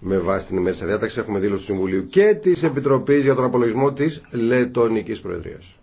με βάση την ημέρα διάταξη έχουμε δήλωση του Συμβουλίου και της Επιτροπής για τον απολογισμό της Λετωνικής Προεδρίας.